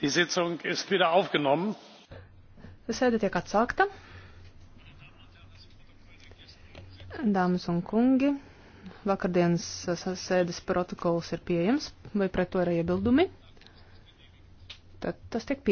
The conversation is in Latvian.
Die Sitzung ist wieder aufgenommen. Sēde tiek atsākta. Dāmas un kungi, vakardienas sēdes protokols ir pieejams, vai pret to ir iebildumi? Tad tas tiek pieņemts.